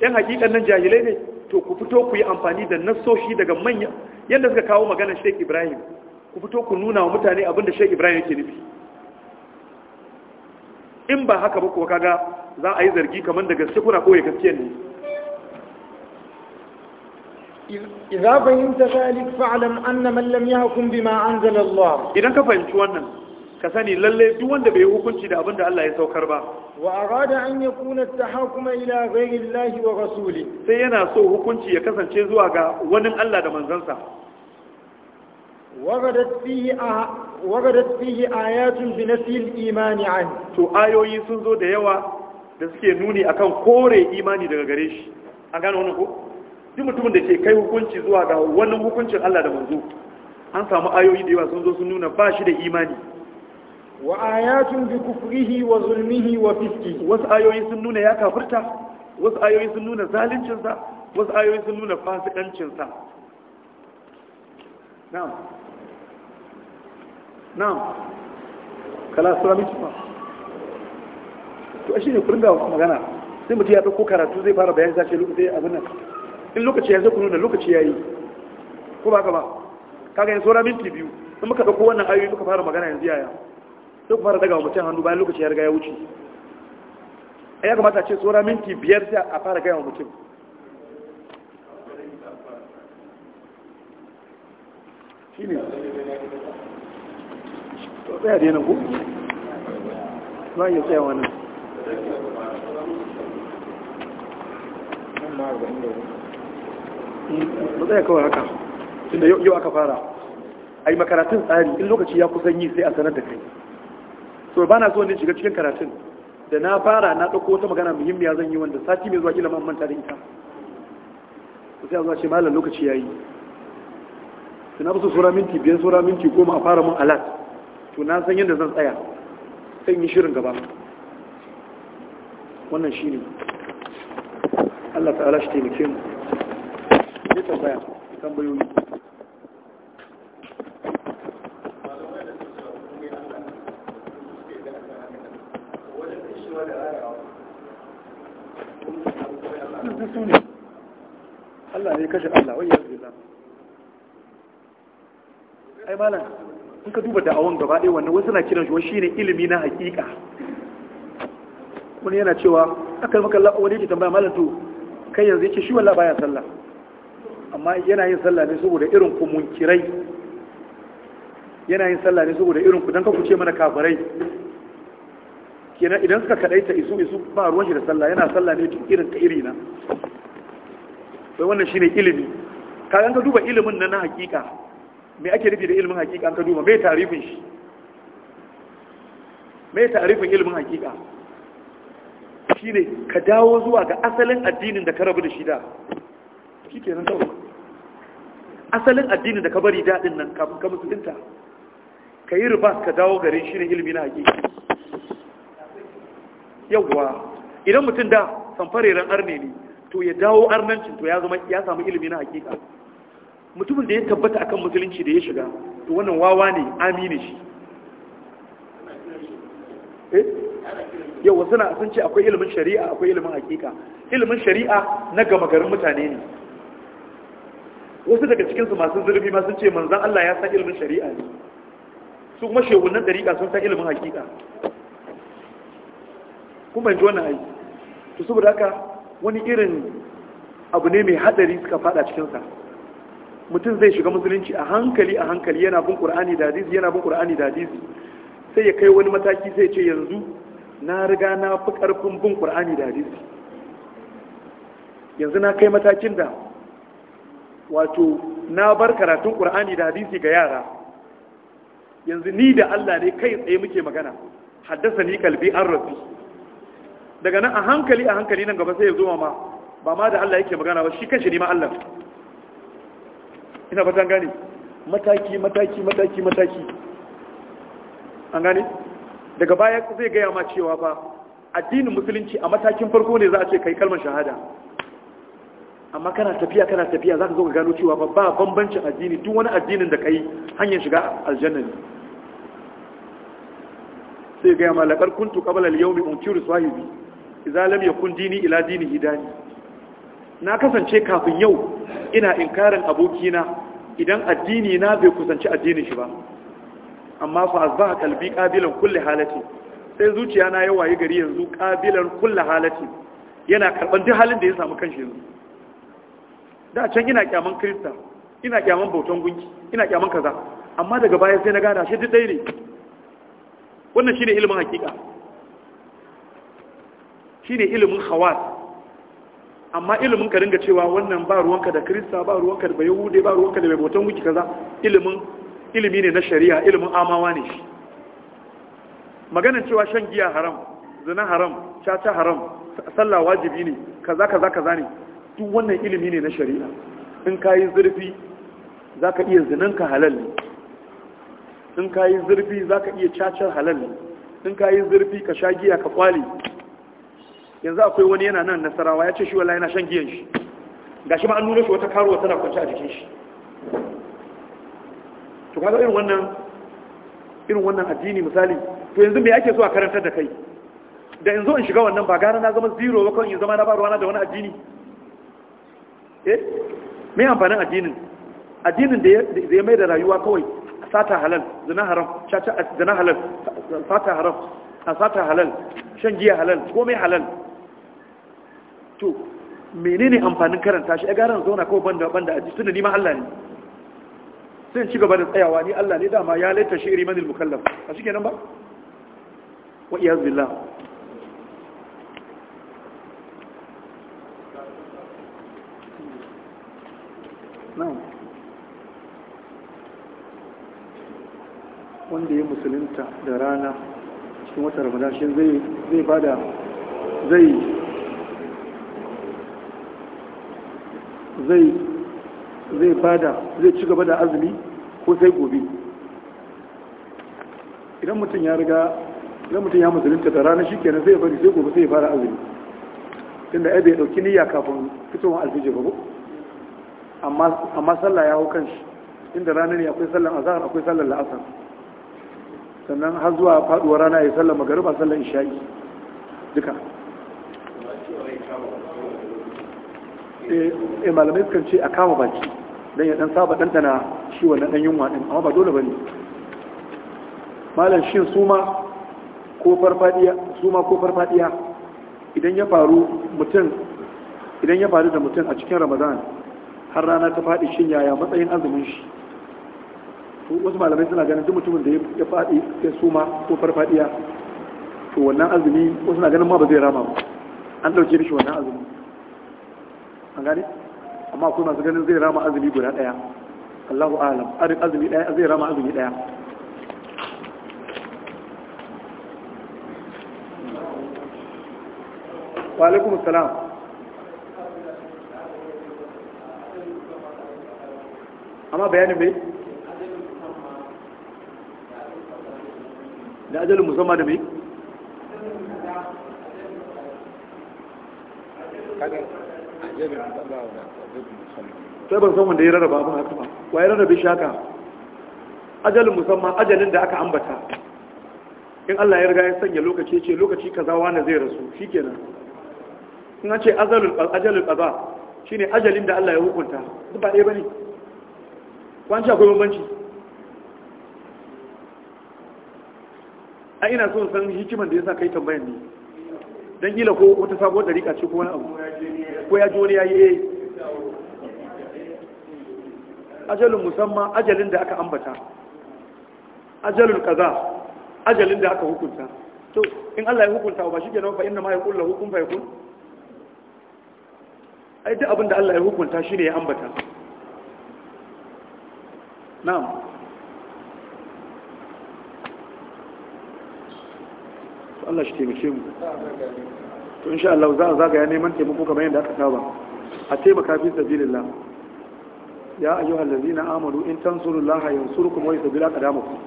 yan hakikan nan jahilai ne to ku fito ku yi amfani da nasoshi daga manya yadda suka kawo maganar Sheikh Ibrahim ku fito ku nuna wa mutane abin da shai ibrahim yake nufi in ba haka ba kuwa kaga za a yi zargi kamar da gaske kuna koya gaskiyar ne idza fahimta zalik anna lam yahkum bima anzala Allah idan ka fahimci wannan ka sani lalle duk wanda bai hukunci da abin da Allah ya saukar ba wa arada an yakuna at-tahakkum ila ghayri Allah wa rasuli sai yana so hukunci ya kasance zuwa ga wani Allah da manzansa وردت فيه آه وردت فيه آيات بنفي الإيمان عنه تو آيوي سنزو ديوا da suke nuni akan kore imani daga gare shi an gano wannan ko duk mutumin da ke kai hukunci zuwa ga wannan hukuncin Allah da manzo an samu ayoyi da yawa sun zo sun nuna ba shi da imani wa ayatun bi kufrihi wa zulmihi wa fiski wasu ayoyi sun nuna ya kafirta wasu ayoyi sun nuna zaluncinsa wasu ayoyi sun nuna fasikancinsa na'am na'am kala sura miki to shi ne kullum da magana sai mutum ya ɗauko karatu zai fara bayani zace lokacin abin nan in lokaci ya zo ku nuna lokaci ya yi ko ba ka ba kaga yin sura minti biyu in muka ɗauko wannan ayoyi muka fara magana yanzu yaya sai ku fara daga wa mutum hannu bayan lokaci ya riga ya wuce ya kamata a ce sura minti biyar sai a fara gaya wa mutum tsaya da ko za a iya tsaya wannan ba tsaya kawai haka tunda yau aka fara a yi makaratun tsari in lokaci ya kusan yi sai a sanar da kai so ba na so ne shiga cikin karatun da na fara na ɗauko wata magana muhimmiya zan yi wanda sati mai zuwa kila man manta da ita sai a zuwa ce malam lokaci ya yi suna fi so sura minti biyar sura minti goma a fara mun alat to na san yadda zan tsaya sai yi shirin gaba wannan shi ne Allah ta ala shi taimake mu ne tambaya tambayoyi Allah ne kashe Allah wani yanzu ai malam in ka duba da'awon gaba ɗaya wannan wasu na kiran shi wani shine ilimi na hakika wani yana cewa akan maka wani yake tambaya malam to kai yanzu yake shi wallahi baya sallah amma yana yin sallah ne saboda irin ku munkirai yana yin sallah ne saboda irin ku dan ka kuce mana kafirai kenan idan suka kadaita isu isu ba ruwan shi da sallah yana sallah ne duk irin ka irina sai wannan shine ilimi kayan ka duba ilimin nan na hakika me ake nufi da ilimin hakika ka duba me tarifin shi me tarifin ilimin hakika ne, ka dawo zuwa ga asalin addinin da ka rabu da shi da shikenan kawai asalin addinin da ka bari daɗin nan kafin ka musulunta ka yi ribas ka dawo garin shi ne ilimi na hakika yawwa idan mutum da samfareren arne ne to ya dawo arnancin to ya samu ilimi na hakika mutumin da ya tabbata akan musulunci da ya shiga to wannan wawa ne amini shi eh yau suna sun ce akwai ilimin shari'a akwai ilimin hakika ilimin shari'a na gama garin mutane ne wasu daga cikinsu masu zurfi ma sun ce manzan Allah ya san ilimin shari'a ne su kuma shehunan dariƙa sun san ilimin hakika kuma ji wani aiki to saboda haka wani irin abu ne mai hadari suka fada cikinsa mutum zai shiga musulunci a hankali a hankali yana bin ƙur'ani da hadisi yana bin ƙur'ani da hadisi sai ya kai wani mataki sai ce yanzu na riga na fi ƙarfin bin ƙur'ani da hadisi yanzu na kai matakin da wato na bar karatun ƙur'ani da hadisi ga yara yanzu ni da Allah ne kai tsaye muke magana haddasa ni kalbi an rafi daga nan a hankali a hankali nan gaba sai ya zo ma ba ma da Allah yake magana ba shi kanshi ne ma Allah ina fatan gane mataki mataki mataki mataki an gane daga baya zai gaya ma cewa fa addinin musulunci a matakin farko ne za a ce kai kalmar shahada amma kana tafiya kana tafiya za ka zo ka gano cewa ba ba bambancin addini duk wani addinin da ka yi hanyar shiga aljanna ne sai gaya ma laƙar kuntu ƙabalar yau mai unkiru swahibi izalam ya kun dini ila dini hidani na kasance kafin yau ina inkarin abokina idan addini na bai kusanci addinin shi ba amma fa azbaha kalbi qabilan kulli halati sai zuciya na ya waye gari yanzu qabilan kulli halati yana karban duk halin da ya samu kanshi yanzu da can ina kyaman krista ina kyaman bautan gunki ina kyaman kaza amma daga baya sai na gada shi duk dai ne wannan shine ilimin hakika shine ilimin khawas amma ilimin ka ringa cewa wannan ba ruwanka da krista ba ruwanka da bayahude ba ruwanka da mai wiki kaza ilimin ilimi ne na shari'a ilimin amawa ne shi maganin cewa shan giya haram zina haram caca haram sallah wajibi ne kaza kaza kaza ne duk wannan ilimi ne na shari'a in ka yi zurfi za ka iya zinanka halal ne in ka yi zurfi za ka iya cacar halal ne in ka yi zurfi ka sha giya ka kwale yanzu akwai wani yana nan nasarawa ya ce shi wallahi yana shan giyan shi gashi ma an nuna shi wata karuwa tana kwanci a jikin shi to kaga irin wannan irin wannan addini misali to yanzu me yake so a karantar da kai da yanzu in shiga wannan ba gara na zama zero ba kawai in zama na ba ruwana da wani addini eh me amfanin addinin addinin da ya mai da rayuwa kawai sata halal zina haram caca zina halal sata haram a sata halal shan giya halal komai halal to menene amfanin karanta shi a garin zauna kawai banda banda a jisuna ni ma Allah ne sai ci gaba da tsayawa ni Allah ne dama ya laita shi manil mukallaf a shi kenan ba wa iya billah na'am wanda ya musulunta da rana cikin watan ramadan shi zai bada zai zai zai bada zai ci gaba da azumi ko sai gobe idan mutum ya riga idan mutum ya musulunta da rana shikenan zai bari sai gobe sai ya fara azumi tunda ai bai dauki niyya kafin fitowar alfijir babu amma sallah ya hau kanshi inda rana ne akwai sallan zahar akwai sallan la'asar sannan har zuwa faduwa rana ya sallan magariba sallan isha'i duka Eh, eh malamai sukan ce a kama baki dan ya dan saba dandana shi wannan dan yunwa din amma ba dole bane malam shin suma ko farfadiya suma ko farfadiya idan ya faru mutum idan ya faru da mutum a cikin ramadan har rana ta fadi shin yaya matsayin azumin shi wasu malamai suna ganin duk mutumin da ya fadi ya suma ko farfadiya to wannan azumi wasu na ganin ma ba zai rama ba an ɗauke shi wannan azumi an gane amma akwai masu ganin zai rama azumi guda daya Allahu alam azumi daya zai rama azumi daya wa alaikum assalam amma bayanin bai da ajalin musamman da mai? sabon ban san wanda ya rarraba abin haka ba wa ya rarrabe shaka ajalin musamman ajalin da aka ambata in Allah ya riga ya sanya lokaci ce lokaci kaza wani zai rasu shikenan in an ce ajalin ajalul shi shine ajalin da Allah ya hukunta duk ba ɗaya bane kwanci akwai bambanci a ina son san hikiman da yasa kai tambayar ne don gila ko wata sabuwar dariƙa ce ko wani abu ko ya ji wani ya yi eh. ajalin musamman ajalin da aka ambata ajalin kaza ajalin da aka hukunta to in Allah ya hukunta ba shi kenan ba inna ma yaqul lahu kun fayakun ai duk abin da Allah ya hukunta shi ne ya ambata na'am Allah shi taimake mu to insha Allah za a zagaya neman taimako kamar yadda aka saba a taimaka fi sabilillah ya ayyuhallazina amanu in tansurullaha yansurkum wa yuthabbit aqdamakum